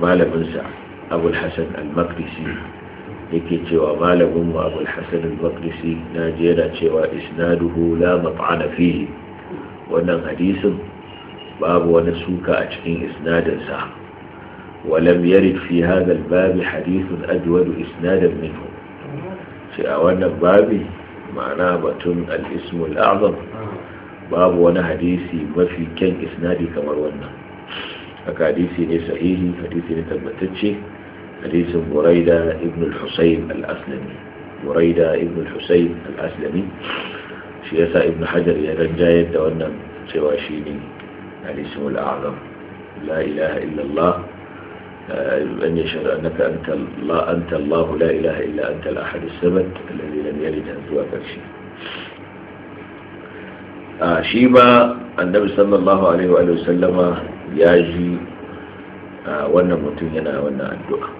malaminsa abulhassan al-maqdisi yake cewa malaminmu abulhassan al-maqdisi na jera cewa isnaduhu la mat'ana fihi wannan hadisin babu wani suka a cikin isnadinsa walam yarid fi hada babi hadisun ajwadu isnadan minhu sai a wannan babi ma'ana batun al-ismu babu wani hadisi mafi kyan isnadi kamar wannan haka hadisi ne sahihi hadisi ne tabbatacce hadisin buraida ibn al-husayn al-aslami buraida ibn al-husayn al-aslami shi yasa ibn hajar ya ranjayar da wannan cewa shi ne hadisin al-a'zam la ilaha illallah أن يشهد أنك أنت الله, أنت الله لا إله إلا أنت الأحد السبت الذي لم يلد سواك شيء شيبا النبي صلى الله عليه وآله وسلم ya ji wannan mutum yana wannan addu'a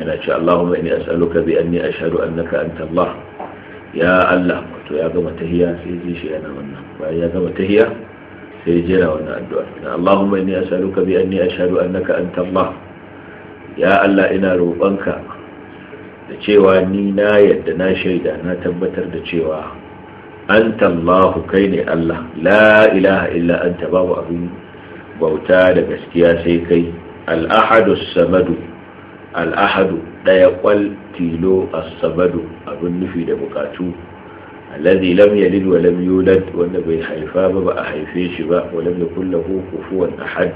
yana ce Allahumma inni as'aluka bi anni ashhadu annaka an Allah ya Allah to ya gama tahiya sai ji shi yana wannan bayan ya gama tahiya sai jera wannan addu'a na Allahumma inni as'aluka bi anni ashhadu annaka an Allah ya Allah ina roƙonka da cewa ni na yadda na shaida na tabbatar da cewa anta Allah kai ne Allah la ilaha illa anta babu abin bauta da gaskiya sai kai al'ahadu samadu al'ahadu ɗaya kwal tilo samadu abin nufi da bukatu alladhi lam yalid wa lam yulad wanda bai haifa ba ba a haife shi ba wa lam yakul lahu kufuwan ahad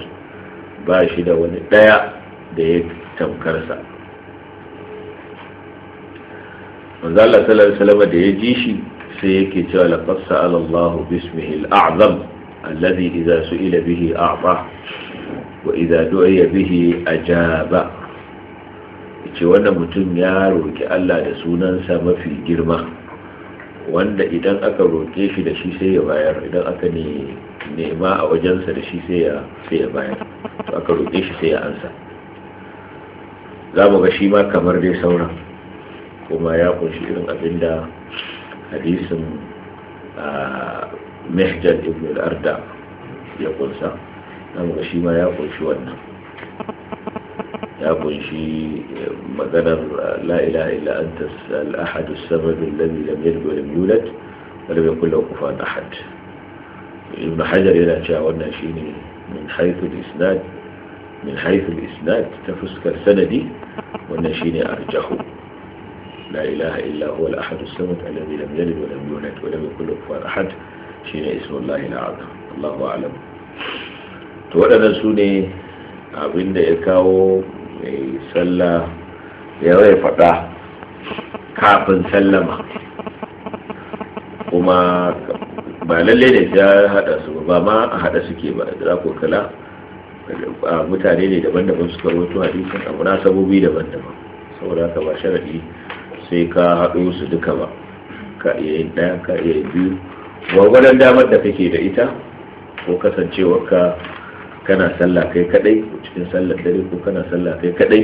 ba shi da wani ɗaya da ya tamkarsa manzo Allah sallallahu alaihi wasallam da ya ji shi sai yake cewa laqad sa'ala Allahu bismihi al-a'zam الذي إذا سئل به أعطاه وإذا دعي به أجاب ce wannan mutum ya roƙi Allah da sunansa mafi girma wanda idan aka roƙe shi da shi sai ya bayar idan aka nema a wajensa da shi sai ya bayar to aka roƙe shi sai ya ansa za mu ga shi ma kamar dai sauran kuma ya kunshi irin abinda hadisin محجر ابن الأردام يقول سام نعم غشي ما يقول شو أنه يقول شي مثلا لا إله إلا أنت الأحد السبب الذي لم يلد ولم يولد ولم يقل له كفان أحد ابن حجر إلى شاورنا شيني من حيث الإسناد من حيث الإسناد تفسك السندي والنشيني أرجحه لا إله إلا هو الأحد السبب الذي لم يلد ولم يولد ولم يكن له كفار أحد shine ismullahi na abu Allahu alam to waɗannan su ne abinda ya kawo mai sallah ya rai fada kafin tsallama kuma ba lalle ne ya haɗa su ba ma a haɗa suke ba za ku kala mutane ne daban-daban suka rawaito hadisin abu na sabobi daban-daban saboda ka ba sharadi sai ka haɗo su duka ba ka iya yin ɗaya ka iya biyu gwargwadon damar da kake da ita ko kasancewarka kana sallah kai kadai cikin sallar dare ko kana sallah kai kadai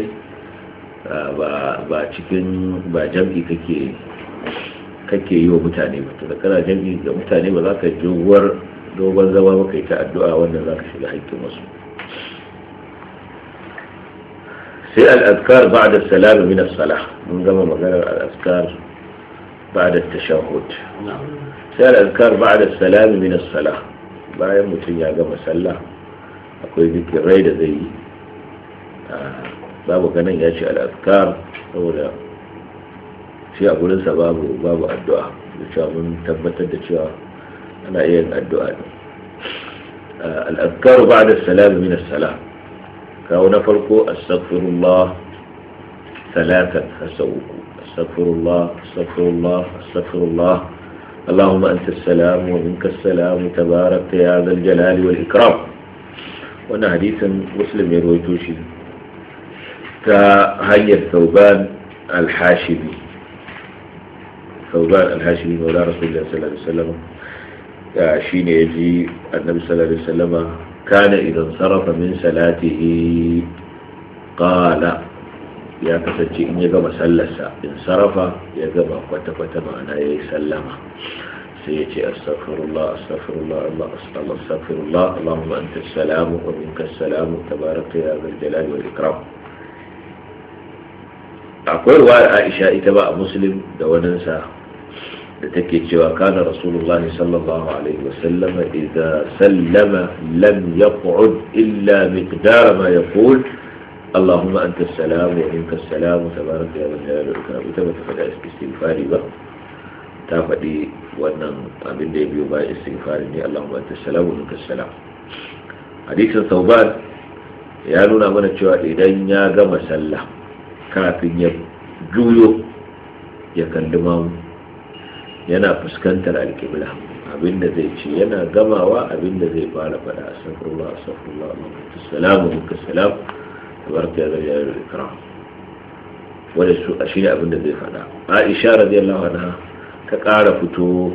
ba cikin ba jam'i kake kake yi wa mutane ba to da kana jam'i ga mutane ba za ka jiwar dogon zama ba kai ta addu'a wannan za ka shiga haƙƙin wasu sai al'adkar ba da salami min as-salah mun gama maganar al'adkar بعد التشهد سأل أذكار بعد السلام من الصلاة bayan mutum ya gama sallah akwai rai da zai yi babu ganin ya ce al'adkar saboda shi a gurinsa babu babu addu'a da cewa mun tabbatar da cewa ana iya yin addu'a ne al'adkar ba da salamu min sala kawo na farko astaghfirullah salatan hasa uku استغفر الله استغفر الله استغفر الله اللهم أنت السلام ومنك السلام تبارك يا ذا الجلال والإكرام وانا حديث مسلم يروي توشي كهي الثوبان الحاشمي ثوبان الحاشمي مولى رسول الله صلى الله عليه وسلم شين يجي النبي صلى الله عليه وسلم كان إذا انصرف من صلاته قال ya kasance in ya gama sallarsa in sarrafa ya gama kwata-kwata ma'ana ya yi sallama sai ya ce astaghfirullah astaghfirullah Allah astaghfirullah Allahumma anta salamu wa minka salamu tabaraka ya zal jalali wal ikram akwai ruwayar Aisha ita ba a Muslim da waninsa da take cewa kana rasulullah sallallahu alaihi wa sallama idza sallama lam yaq'ud illa miqdara ma yaqul اللهم أنت السلام ومنك السلام تبارك يا من لا يلقى وتبت فلا استغفاري بقى تافدي وانا أبن دي بيوبا استغفاري اللهم أنت السلام ومنك السلام حديث ثوبان ya nuna mana cewa idan ya gama sallah kafin ya juyo ya yana fuskantar alkibla abinda zai ce yana gamawa abinda zai fara fada astaghfirullah astaghfirullah Allahumma salamu salamu tabaraka ya zai yaro ikram wanda su a shirya abin da zai faɗa aisha radiyallahu lawana ta ƙara fito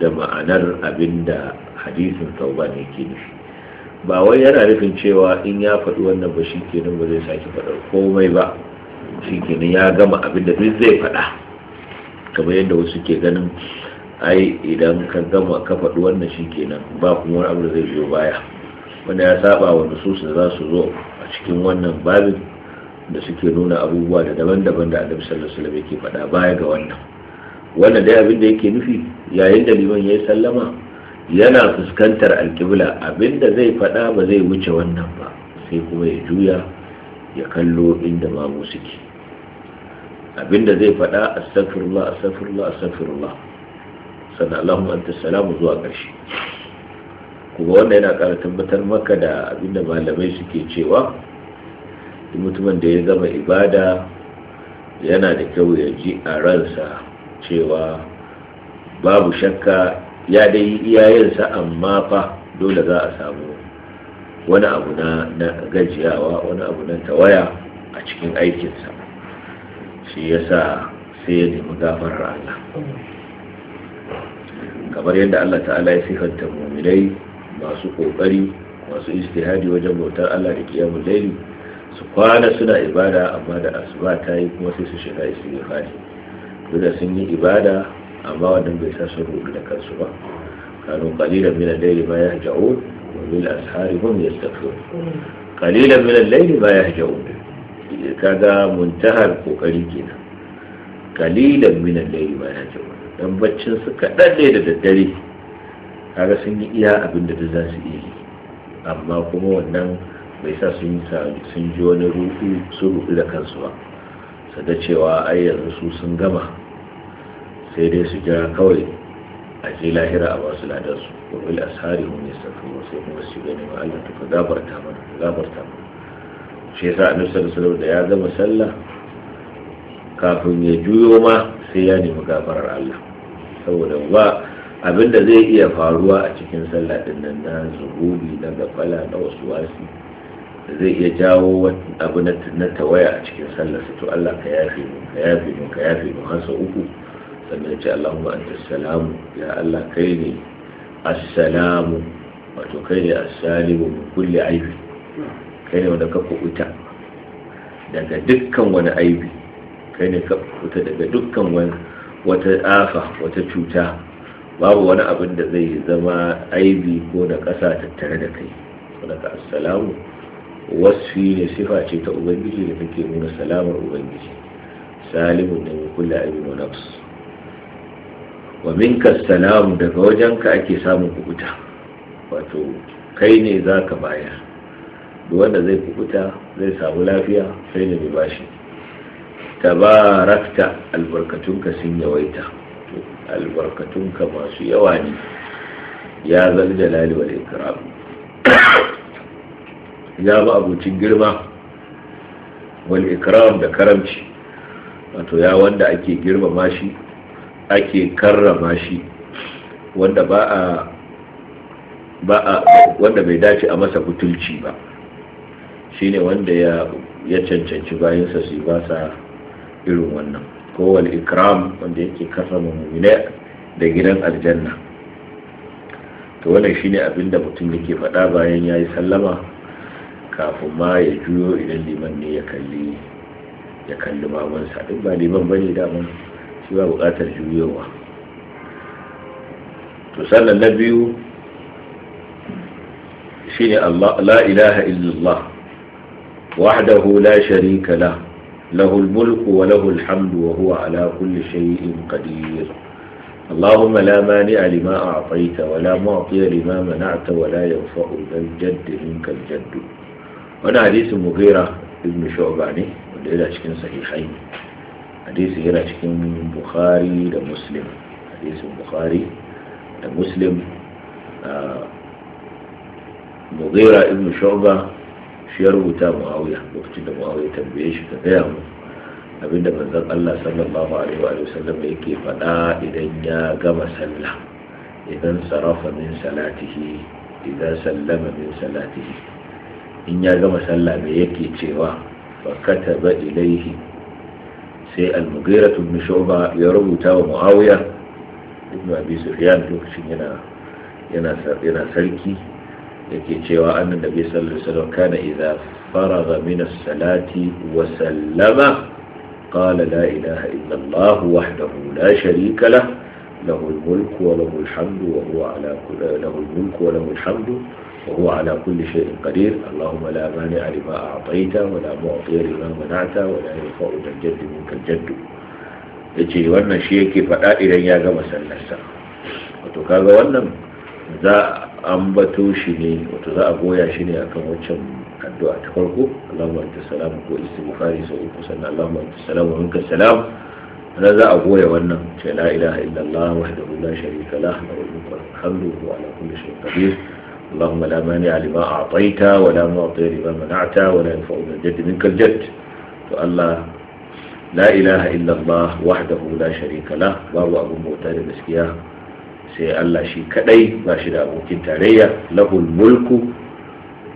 da ma'anar abin da hadisin tauba ne ke nufi ba wai yana nufin cewa in ya faɗi wannan ba shi kenan ba zai sake faɗa komai ba shi kenan ya gama abin da duk zai faɗa kamar yadda wasu ke ganin ai idan ka gama ka faɗi wannan shi kenan ba kuma wani abu da zai biyo baya wanda ya saba wa nususu da za su zo a cikin wannan babin da suke nuna abubuwa da daban-daban da annabi sallallahu alaihi wasallam yake faɗa baya ga wannan wannan dai abin da yake nufi yayin da liman yi sallama yana fuskantar alƙibla abin da zai faɗa ba zai wuce wannan ba sai kuma ya juya ya kallo inda mamu suke abin da zai faɗa astaghfirullah astaghfirullah astaghfirullah sannan Allahumma anta salamu zuwa ƙarshe kuma wanda yana kara tabbatar maka da abinda malamai suke cewa mutumin da ya zama ibada yana da kyau ya ji a ransa cewa babu shakka ya dai iyayensa amma fa dole za a samu wani abu na gajiyawa wani abu na tawaya a cikin aikinsa shi yasa sai ya nemi gafarar Allah kamar yadda Allah ta'ala ya sifanta muminai masu kokari masu istihadi wajen bautar Allah da kiyamul laili su kwana suna ibada amma da asuba ta yi kuma sai su shiga istighfari duk sun yi ibada amma wannan bai sa su rubu da kansu ba kanu qalila min al-layli ma yahja'u wa bil ashari hum yastaghfirun qalila min al-layli ma yahja'u kaga muntahar kokari kenan qalila min al-layli ma yahja'u dan baccin su kadan ne da daddare kaga sun yi iya abin da za su iya amma kuma wannan bai sa sun ji wani ruɗu su ruɗu da kansu ba sada cewa ai yanzu su sun gama sai dai su jira kawai a lahira a basu ladar su wa bil ashari hum sai kuma su gani ma Allah ta mana gafarta mana shi yasa da ya gama sallah kafin ya juyo ma sai ya nemi gafarar Allah saboda ba Abin da zai iya faruwa a cikin sallah din nan na zuhubi na gafala na wasu wasi zai iya jawo abu na tawaya a cikin sallah to Allah ka yafe mu ka yafe mu ka yafe mu har sau uku sannan ce Allahumma anta salamu ya Allah kai ne assalamu wato kai ne assalimu min kulli aibi kai ne wanda ka kubuta daga dukkan wani aibi kai ne ka kubuta daga dukkan wani wata afa wata cuta babu wani abin da zai zama aibi ko na ƙasa tattare da kai daga assalamu wasfi ne sifa ce ta ubangiji da take nuna salamar ubangiji Salimu ne mai kula abin wa nafs wa minka salamu daga wajenka ake samun kubuta wato kai ne za ka baya. wanda zai kubuta zai samu lafiya sai da mai bashi tabarakta albarkatunka sun yawaita albarkatunka masu yawa ne ya zal jalali wal ikram ya ba abucin girma wani ikram da karamci wato ya wanda ake girmama shi ake karrama shi wanda ba a ba a wanda bai dace a masa butulci ba shine wanda ya ya cancanci bayansa su ba sa irin wannan ko ikram wanda yake kasa mummune da gidan aljanna to wannan shine abin da mutum yake faɗa bayan ya yi sallama kafin ma ya juyo idan liman ne ya kalli mamansa duk ba liman bane daman shi ba buƙatar juyowa to sannan na biyu shine Allah la ilaha illallah wahdahu la sharika lahu له الملك وله الحمد وهو على كل شيء قدير اللهم لا مانع لما أعطيت ولا معطي لما منعت ولا ينفع ذا الجد منك الجد وانا حديث مغيرة ابن شعباني ولا شكين صحيحين حديث هنا شكين بخاري ده مسلم حديث بخاري ده مسلم آه مغيرة ابن شعبة shi ya rubuta muawiya lokacin da muawiya tambaye shi ta gaya mu abinda manzon Allah sallallahu alaihi wa sallam yake faɗa idan ya gama sallah idan sarafa min salatihi idan sallama min salatihi in ya gama sallah me yake cewa fa kataba ilaihi sai al-mughira ibn shu'ba ya rubuta wa muawiya ibn abi sufyan lokacin yana yana yana sarki yake cewa annan da bai alaihi wasallam kana idza faraga min as-salati wa sallama qala la ilaha illa Allah wahdahu la sharika lah له الملك وله الحمد وهو على كل له الملك وله الحمد وهو على كل شيء قدير اللهم لا مانع لما ولا معطي لما منعت ولا ينفع ذا الجد منك الجد yace wannan shi faɗa idan ya gama sallarsa wato kaga wannan za an bato shi ne wato za a goya shi ne akan wancan addu'a ta farko Allahumma anta salam ko istighfari sau uku sannan Allahumma anta salam wa salam na za a goya wannan ce la ilaha illallah wahdahu la sharika lah lahu mulku wa ala kulli shay'in qadir اللهم لا مانع لما أعطيت ولا معطي لما منعت ولا ينفع من الجد منك الجد فالله لا إله إلا الله وحده لا شريك له وهو sai Allah shi kadai ba shi da abokin tarayya lahul mulku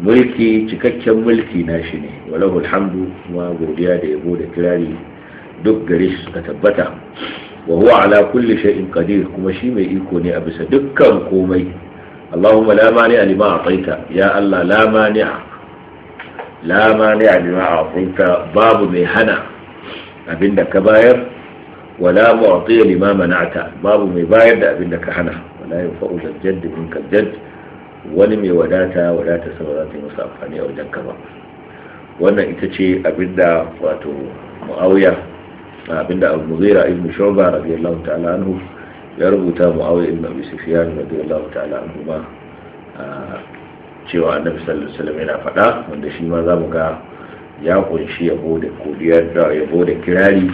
mulki cikakken mulki na shi ne wa lahul hamdu kuma godiya da yabo da kirari duk gare shi suka tabbata wa huwa ala kulli shay'in qadir kuma shi mai iko ne a bisa dukkan komai Allahumma la mani'a lima a'taita ya Allah la mani'a la mani'a a'taita babu mai hana abinda ka bayar wala mu'ti lima mana'ta babu mai bayar da abin da ka hana wala yanfa'u zal jadd min kal jadd wani mai wadata wadata sama za ta yi masa amfani a wajen ka ba wannan ita ce abinda wato muawiya abinda al-mughira ibn shu'ba radiyallahu ta'ala anhu ya rubuta muawiya ibn abi sufyan radiyallahu ta'ala anhu ma cewa annabi sallallahu alaihi wasallam yana faɗa wanda shi ma mu ga ya ƙunshi yabo da kodiyar da yabo da kirari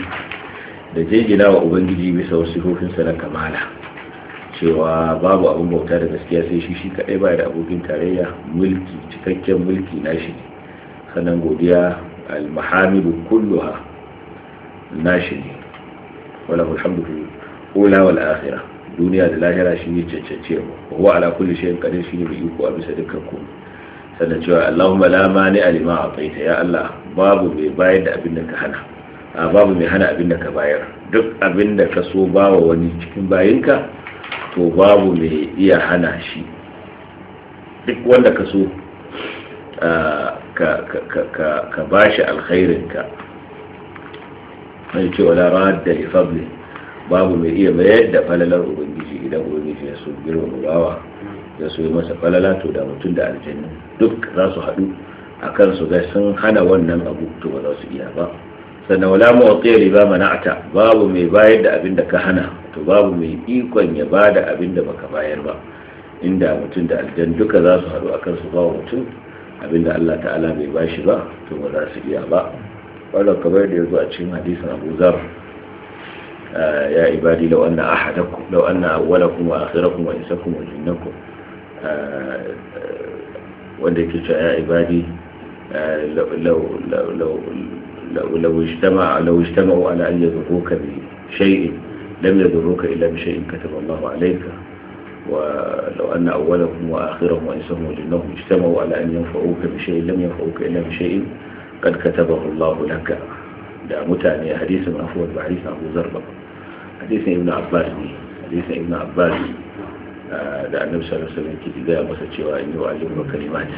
da jejina wa ubangiji bisa wasu sifofinsa na kamala cewa babu abin bauta da gaskiya sai shi shi kaɗai ba da abokin tarayya mulki cikakken mulki shi ne sannan godiya almahamidu kulluha shi ne wala alhamdu ula wa duniya da lahira shi ne cancance mu ala kulli shay'in qadir shi ne mai iko a bisa dukkan komai sannan cewa allahumma la mani alima ya allah babu mai bayar da abin da ka hana A babu mai hana abin da ka bayar duk abin da ka so bawa wani cikin bayinka to babu mai iya hana shi duk wanda ka so ka ba shi alkhairinka mai ce wala radda da fadli babu mai iya bayar da falalar ubangiji idan ubangiji ya so girma bawa ya so masa falala to da mutum da aljannu duk za su haɗu a su ga sun hana wannan abu to ba za su iya ba sannan wala mu'tiya liba mana'ata babu mai bayar da abin da ka hana to babu mai ikon ya bada abin da baka bayar ba inda mutum da aljan duka za su haɗu akan su bawa mutum abin da Allah ta'ala bai bashi ba to ba za su iya ba wannan kamar da yazo a cikin hadisin Abu Zar eh, ya ibadi law anna ahadakum law anna awwalakum wa akhirakum wa insakum wa jinnakum eh, wanda yake cewa ya ibadi eh, لو لو اجتمع لو اجتمعوا على ان يضروك بشيء لم يضروك الا بشيء كتب الله عليك ولو ان اولهم واخرهم وانسهم وجنهم اجتمعوا على ان ينفعوك بشيء لم ينفعوك الا بشيء قد كتبه الله لك لا متاني حديث من افوه بحديث ابو ذر حديث ابن عباس حديث ابن عباس da annabi sallallahu alaihi wasallam ke gaya masa cewa in yi wa'azin kalimat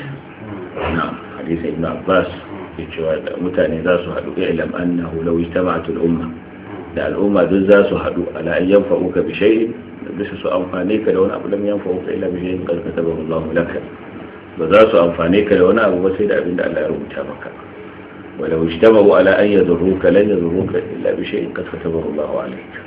na hadisin mutane za su haɗu ilam annahu law al umma da al'umma duk za su haɗu ala an yanfa'uka bi shay'in bisa su amfane ka da wani abu lam yanfa'uka illa bi shay'in qad katabahu Allahu laka ba za su amfane ka da wani abu ba sai da abin da Allah ya rubuta maka wa law ولو ala على أن lan لن illa bi بشيء قد كتبه Allahu alayka